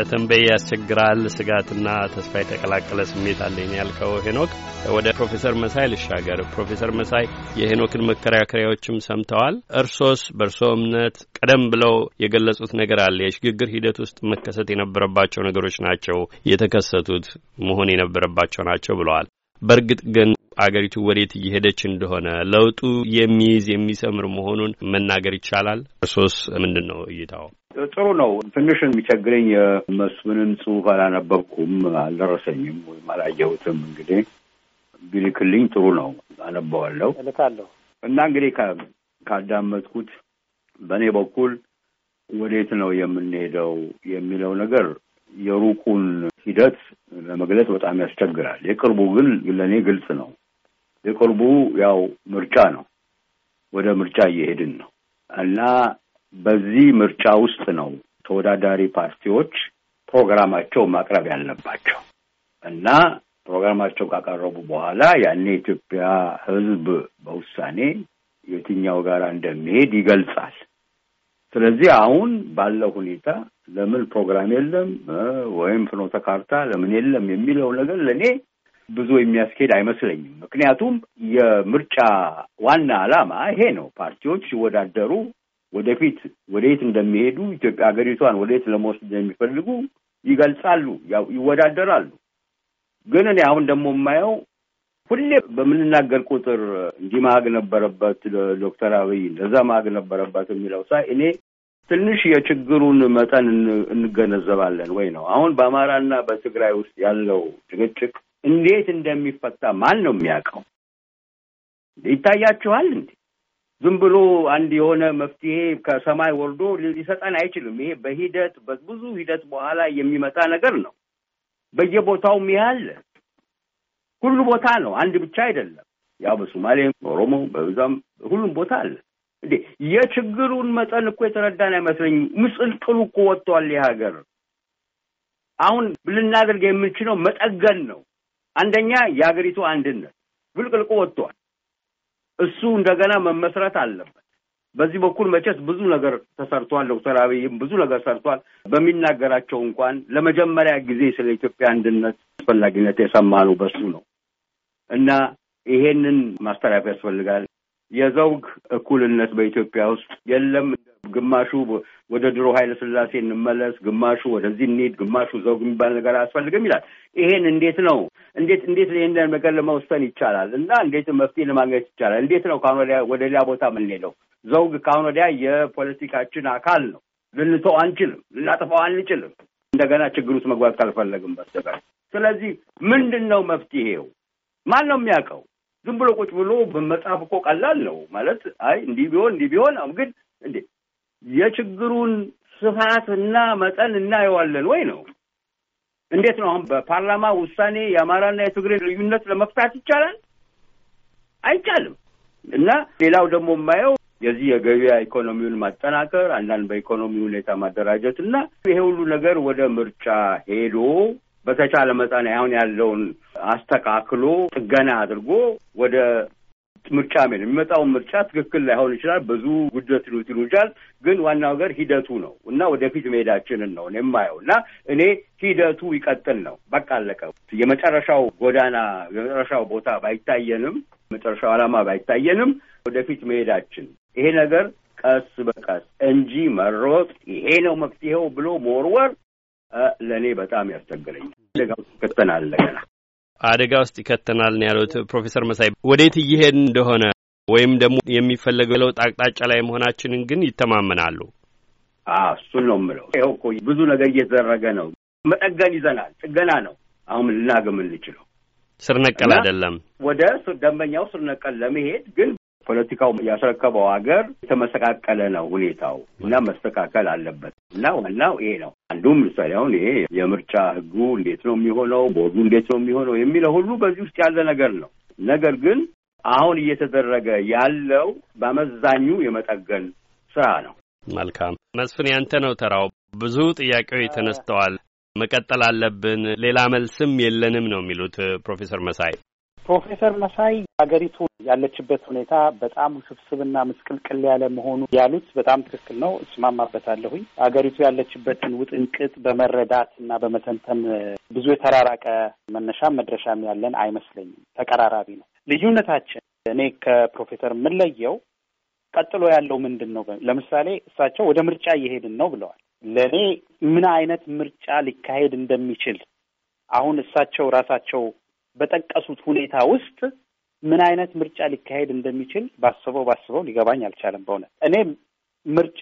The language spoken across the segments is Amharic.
መተንበይ ያስቸግራል። ስጋትና ተስፋ የተቀላቀለ ስሜት አለኝ ያልከው ሄኖክ፣ ወደ ፕሮፌሰር መሳይ ልሻገር። ፕሮፌሰር መሳይ የሄኖክን መከራከሪያዎችም ሰምተዋል። እርሶስ በእርሶ እምነት ቀደም ብለው የገለጹት ነገር አለ። የሽግግር ሂደት ውስጥ መከሰት የነበረባቸው ነገሮች ናቸው የተከሰቱት፣ መሆን የነበረባቸው ናቸው ብለዋል። በእርግጥ ግን አገሪቱ ወዴት እየሄደች እንደሆነ ለውጡ የሚይዝ የሚሰምር መሆኑን መናገር ይቻላል። እርሶስ ምንድን ነው እይታው? ጥሩ ነው። ትንሽ የሚቸግረኝ የመስፍንን ጽሁፍ አላነበብኩም፣ አልደረሰኝም ወይም አላየሁትም። እንግዲህ ቢልክልኝ ጥሩ ነው፣ አነበዋለሁ እልካለሁ። እና እንግዲህ ካዳመጥኩት በእኔ በኩል ወዴት ነው የምንሄደው የሚለው ነገር የሩቁን ሂደት ለመግለጽ በጣም ያስቸግራል። የቅርቡ ግን ለእኔ ግልጽ ነው። የቅርቡ ያው ምርጫ ነው። ወደ ምርጫ እየሄድን ነው እና በዚህ ምርጫ ውስጥ ነው ተወዳዳሪ ፓርቲዎች ፕሮግራማቸው ማቅረብ ያለባቸው እና ፕሮግራማቸው ካቀረቡ በኋላ ያኔ የኢትዮጵያ ሕዝብ በውሳኔ የትኛው ጋር እንደሚሄድ ይገልጻል። ስለዚህ አሁን ባለው ሁኔታ ለምን ፕሮግራም የለም ወይም ፍኖተ ካርታ ለምን የለም የሚለው ነገር ለእኔ ብዙ የሚያስኬድ አይመስለኝም። ምክንያቱም የምርጫ ዋና ዓላማ ይሄ ነው። ፓርቲዎች ሲወዳደሩ ወደፊት ወደየት እንደሚሄዱ ኢትዮጵያ ሀገሪቷን ወደየት ለመወስድ እንደሚፈልጉ ይገልጻሉ፣ ይወዳደራሉ። ግን እኔ አሁን ደግሞ የማየው ሁሌ በምንናገር ቁጥር እንዲህ ማግ ነበረበት ዶክተር አብይ እንደዛ ማግ ነበረበት የሚለው ሳይ እኔ ትንሽ የችግሩን መጠን እንገነዘባለን ወይ ነው። አሁን በአማራና በትግራይ ውስጥ ያለው ጭቅጭቅ እንዴት እንደሚፈታ ማን ነው የሚያውቀው? ይታያችኋል እንዴ? ዝም ብሎ አንድ የሆነ መፍትሄ ከሰማይ ወርዶ ሊሰጠን አይችልም። ይሄ በሂደት በብዙ ሂደት በኋላ የሚመጣ ነገር ነው። በየቦታውም ያለ ሁሉ ቦታ ነው፣ አንድ ብቻ አይደለም። ያው በሶማሌ ኦሮሞ፣ በብዛም ሁሉም ቦታ አለ። እንዴ የችግሩን መጠን እኮ የተረዳን አይመስለኝም። ምስቅልቅሉ እኮ ወጥቷል። የሀገር አሁን ልናደርግ የምንችለው መጠገን ነው። አንደኛ የሀገሪቱ አንድነት ብልቅልቁ ወጥቷል። እሱ እንደገና መመስረት አለበት። በዚህ በኩል መቼስ ብዙ ነገር ተሰርቷል። ዶክተር አብይም ብዙ ነገር ሰርቷል። በሚናገራቸው እንኳን ለመጀመሪያ ጊዜ ስለ ኢትዮጵያ አንድነት አስፈላጊነት የሰማነው በሱ ነው። እና ይሄንን ማስተላለፍ ያስፈልጋል። የዘውግ እኩልነት በኢትዮጵያ ውስጥ የለም። ግማሹ ወደ ድሮ ኃይለ ስላሴ እንመለስ፣ ግማሹ ወደዚህ እንሂድ፣ ግማሹ ዘውግ የሚባል ነገር አያስፈልግም ይላል። ይሄን እንዴት ነው እንዴት እንዴት ይህንን ነገር ለመወሰን ይቻላል? እና እንዴት መፍትሄ ለማግኘት ይቻላል? እንዴት ነው ከአሁን ወዲያ ወደ ሌላ ቦታ የምንሄደው? ዘውግ ከአሁን ወዲያ የፖለቲካችን አካል ነው። ልንተው አንችልም፣ ልናጠፋው አንችልም። እንደገና ችግር ውስጥ መግባት ካልፈለግም በስተቀር። ስለዚህ ምንድን ነው መፍትሄው? ማን ነው የሚያውቀው? ዝም ብሎ ቁጭ ብሎ በመጽሐፍ እኮ ቀላል ነው ማለት አይ እንዲህ ቢሆን እንዲህ ቢሆን ግን እንዴ የችግሩን ስፋትና መጠን እናየዋለን ወይ ነው እንዴት ነው አሁን በፓርላማ ውሳኔ የአማራና የትግሬ ልዩነት ለመፍታት ይቻላል? አይቻልም። እና ሌላው ደግሞ የማየው የዚህ የገበያ ኢኮኖሚውን ማጠናከር፣ አንዳንድ በኢኮኖሚ ሁኔታ ማደራጀት እና ይሄ ሁሉ ነገር ወደ ምርጫ ሄዶ በተቻለ መጠን አሁን ያለውን አስተካክሎ ጥገና አድርጎ ወደ ምርጫ ሜን የሚመጣውን ምርጫ ትክክል ላይሆን ይችላል። ብዙ ጉደት ሉት ግን ዋናው ነገር ሂደቱ ነው እና ወደፊት መሄዳችንን ነው የማየው እና እኔ ሂደቱ ይቀጥል ነው። በቃ አለቀ። የመጨረሻው ጎዳና የመጨረሻው ቦታ ባይታየንም፣ መጨረሻው ዓላማ ባይታየንም ወደፊት መሄዳችን ይሄ ነገር ቀስ በቀስ እንጂ መሮጥ ይሄ ነው መፍትሄው ብሎ መወርወር ለእኔ በጣም ያስቸግረኛል። ደጋው ክተናል ለገና አደጋ ውስጥ ይከተናል ነው ያሉት ፕሮፌሰር መሳይ። ወዴት እየሄድን እንደሆነ ወይም ደግሞ የሚፈለገው ለውጥ አቅጣጫ ላይ መሆናችንን ግን ይተማመናሉ። እሱን ነው የምለው። ይኸው እኮ ብዙ ነገር እየተደረገ ነው። መጠገን ይዘናል። ጥገና ነው አሁን ልናገም የምንችለው ስር ነቀል አይደለም። ወደ ደንበኛው ስር ነቀል ለመሄድ ግን ፖለቲካው ያስረከበው ሀገር የተመሰቃቀለ ነው ሁኔታው እና መስተካከል አለበት እና ዋናው ይሄ ነው። አንዱም ምሳሌ አሁን ይሄ የምርጫ ህጉ እንዴት ነው የሚሆነው፣ ቦርዱ እንዴት ነው የሚሆነው የሚለው ሁሉ በዚህ ውስጥ ያለ ነገር ነው። ነገር ግን አሁን እየተደረገ ያለው በአመዛኙ የመጠገን ስራ ነው። መልካም መስፍን፣ ያንተ ነው ተራው። ብዙ ጥያቄዎች ተነስተዋል። መቀጠል አለብን፣ ሌላ መልስም የለንም ነው የሚሉት ፕሮፌሰር መሳይ ፕሮፌሰር መሳይ ሀገሪቱ ያለችበት ሁኔታ በጣም ውስብስብና ምስቅልቅል ያለ መሆኑ ያሉት በጣም ትክክል ነው። እስማማበታለሁኝ። አገሪቱ ያለችበትን ውጥንቅጥ በመረዳት እና በመተንተን ብዙ የተራራቀ መነሻም መድረሻም ያለን አይመስለኝም። ተቀራራቢ ነው ልዩነታችን። እኔ ከፕሮፌሰር የምለየው ቀጥሎ ያለው ምንድን ነው? ለምሳሌ እሳቸው ወደ ምርጫ እየሄድን ነው ብለዋል። ለእኔ ምን አይነት ምርጫ ሊካሄድ እንደሚችል አሁን እሳቸው ራሳቸው በጠቀሱት ሁኔታ ውስጥ ምን አይነት ምርጫ ሊካሄድ እንደሚችል ባስበው ባስበው ሊገባኝ አልቻለም። በእውነት እኔ ምርጫ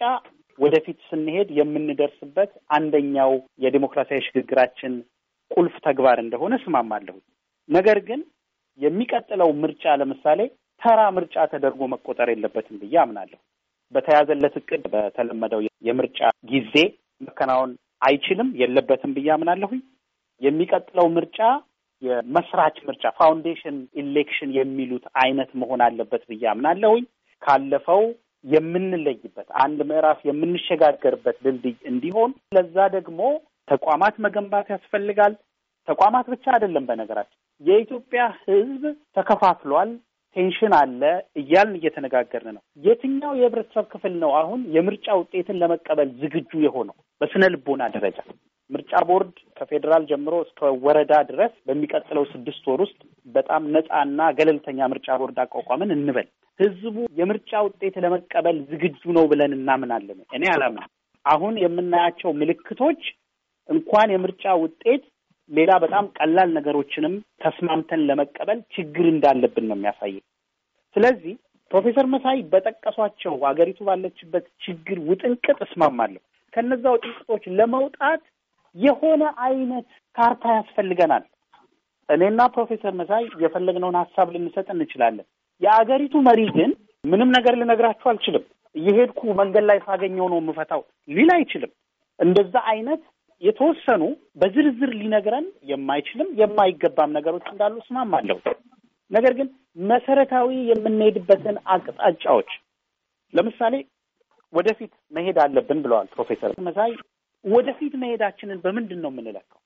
ወደፊት ስንሄድ የምንደርስበት አንደኛው የዲሞክራሲያዊ ሽግግራችን ቁልፍ ተግባር እንደሆነ እስማማለሁ። ነገር ግን የሚቀጥለው ምርጫ ለምሳሌ ተራ ምርጫ ተደርጎ መቆጠር የለበትም ብዬ አምናለሁ። በተያዘለት እቅድ በተለመደው የምርጫ ጊዜ መከናወን አይችልም የለበትም ብዬ አምናለሁኝ። የሚቀጥለው ምርጫ የመስራች ምርጫ ፋውንዴሽን ኢሌክሽን የሚሉት አይነት መሆን አለበት ብዬ አምናለሁኝ። ካለፈው የምንለይበት አንድ ምዕራፍ የምንሸጋገርበት ድልድይ እንዲሆን ለዛ ደግሞ ተቋማት መገንባት ያስፈልጋል። ተቋማት ብቻ አይደለም። በነገራችን የኢትዮጵያ ሕዝብ ተከፋፍሏል። ቴንሽን አለ እያልን እየተነጋገርን ነው። የትኛው የህብረተሰብ ክፍል ነው አሁን የምርጫ ውጤትን ለመቀበል ዝግጁ የሆነው? በስነ ልቦና ደረጃ ምርጫ ቦርድ ከፌዴራል ጀምሮ እስከ ወረዳ ድረስ በሚቀጥለው ስድስት ወር ውስጥ በጣም ነፃና ገለልተኛ ምርጫ ቦርድ አቋቋምን እንበል። ህዝቡ የምርጫ ውጤት ለመቀበል ዝግጁ ነው ብለን እናምናለን። እኔ አላምና አሁን የምናያቸው ምልክቶች እንኳን የምርጫ ውጤት ሌላ በጣም ቀላል ነገሮችንም ተስማምተን ለመቀበል ችግር እንዳለብን ነው የሚያሳየው። ስለዚህ ፕሮፌሰር መሳይ በጠቀሷቸው አገሪቱ ባለችበት ችግር ውጥንቅጥ እስማማለሁ። ከነዛ ውጥንቅጦች ለመውጣት የሆነ አይነት ካርታ ያስፈልገናል። እኔና ፕሮፌሰር መሳይ የፈለግነውን ሀሳብ ልንሰጥ እንችላለን። የአገሪቱ መሪ ግን ምንም ነገር ልነግራችሁ አልችልም፣ እየሄድኩ መንገድ ላይ ሳገኘው ነው የምፈታው ሊል አይችልም። እንደዛ አይነት የተወሰኑ በዝርዝር ሊነግረን የማይችልም የማይገባም ነገሮች እንዳሉ እስማማለሁ። ነገር ግን መሰረታዊ የምንሄድበትን አቅጣጫዎች ለምሳሌ ወደፊት መሄድ አለብን ብለዋል ፕሮፌሰር መሳይ ወደፊት መሄዳችንን በምንድን ነው የምንለካው?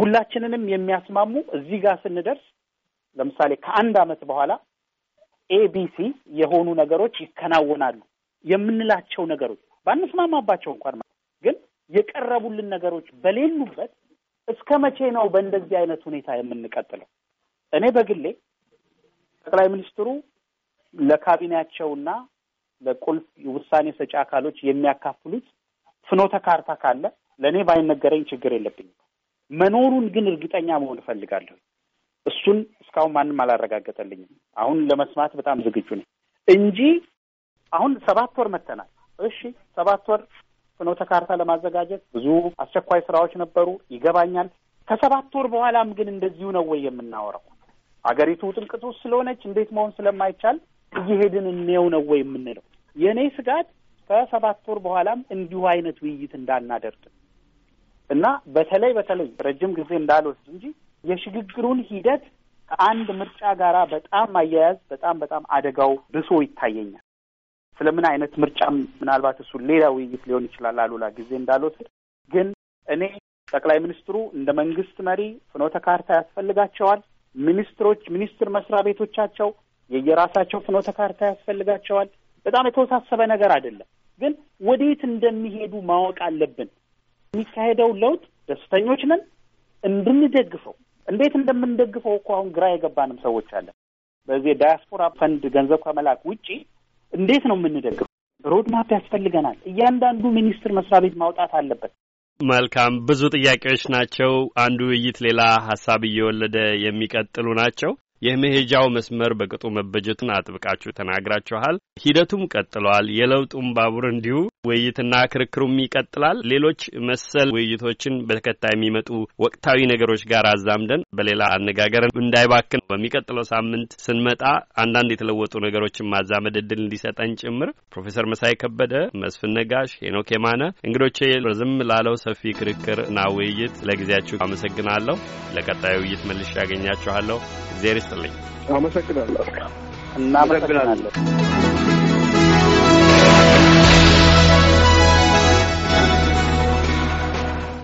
ሁላችንንም የሚያስማሙ እዚህ ጋር ስንደርስ ለምሳሌ ከአንድ ዓመት በኋላ ኤቢሲ የሆኑ ነገሮች ይከናወናሉ የምንላቸው ነገሮች ባንስማማባቸው እንኳን ግን የቀረቡልን ነገሮች በሌሉበት እስከ መቼ ነው በእንደዚህ አይነት ሁኔታ የምንቀጥለው? እኔ በግሌ ጠቅላይ ሚኒስትሩ ለካቢኔያቸውና ለቁልፍ ውሳኔ ሰጪ አካሎች የሚያካፍሉት ፍኖተ ካርታ ካለ ለእኔ ባይነገረኝ ችግር የለብኝም። መኖሩን ግን እርግጠኛ መሆን እፈልጋለሁ። እሱን እስካሁን ማንም አላረጋገጠልኝም። አሁን ለመስማት በጣም ዝግጁ ነኝ እንጂ አሁን ሰባት ወር መተናል። እሺ ሰባት ወር ፍኖተ ካርታ ለማዘጋጀት ብዙ አስቸኳይ ስራዎች ነበሩ፣ ይገባኛል። ከሰባት ወር በኋላም ግን እንደዚሁ ነው ወይ የምናወራው? አገሪቱ ጥንቅጡ ስለሆነች እንዴት መሆን ስለማይቻል እየሄድን እንየው ነው ወይ የምንለው? የእኔ ስጋት ከሰባት ወር በኋላም እንዲሁ አይነት ውይይት እንዳናደርግ እና በተለይ በተለይ ረጅም ጊዜ እንዳልወስድ እንጂ የሽግግሩን ሂደት ከአንድ ምርጫ ጋራ በጣም አያያዝ በጣም በጣም አደጋው ብሶ ይታየኛል። ስለምን አይነት ምርጫም ምናልባት እሱ ሌላ ውይይት ሊሆን ይችላል። አሉላ ጊዜ እንዳልወስድ ግን እኔ ጠቅላይ ሚኒስትሩ እንደ መንግስት መሪ ፍኖተ ካርታ ያስፈልጋቸዋል። ሚኒስትሮች፣ ሚኒስትር መስሪያ ቤቶቻቸው የየራሳቸው ፍኖተ ካርታ ያስፈልጋቸዋል። በጣም የተወሳሰበ ነገር አይደለም። ግን ወዴት እንደሚሄዱ ማወቅ አለብን። የሚካሄደው ለውጥ ደስተኞች ነን እንድንደግፈው፣ እንዴት እንደምንደግፈው እኮ አሁን ግራ የገባንም ሰዎች አለን። በዚህ ዳያስፖራ ፈንድ ገንዘብ ከመላክ ውጪ እንዴት ነው የምንደግፈው? ሮድማፕ ያስፈልገናል። እያንዳንዱ ሚኒስቴር መስሪያ ቤት ማውጣት አለበት። መልካም ብዙ ጥያቄዎች ናቸው። አንዱ ውይይት ሌላ ሀሳብ እየወለደ የሚቀጥሉ ናቸው። የመሄጃው መስመር በቅጡ መበጀቱን አጥብቃችሁ ተናግራችኋል። ሂደቱም ቀጥሏል። የለውጡም ባቡር እንዲሁ ውይይትና ክርክሩም ይቀጥላል። ሌሎች መሰል ውይይቶችን በተከታይ የሚመጡ ወቅታዊ ነገሮች ጋር አዛምደን በሌላ አነጋገር እንዳይባክን በሚቀጥለው ሳምንት ስንመጣ አንዳንድ የተለወጡ ነገሮችን ማዛመድ እድል እንዲሰጠን ጭምር ፕሮፌሰር መሳይ ከበደ፣ መስፍን ነጋሽ፣ ሄኖክ የማነ እንግዶቼ ረዝም ላለው ሰፊ ክርክርና ውይይት ለጊዜያችሁ አመሰግናለሁ። ለቀጣዩ ውይይት መልሼ ያገኛችኋለሁ። እግዜር ይስጥልኝ። አመሰግናለሁ። እናመሰግናለሁ።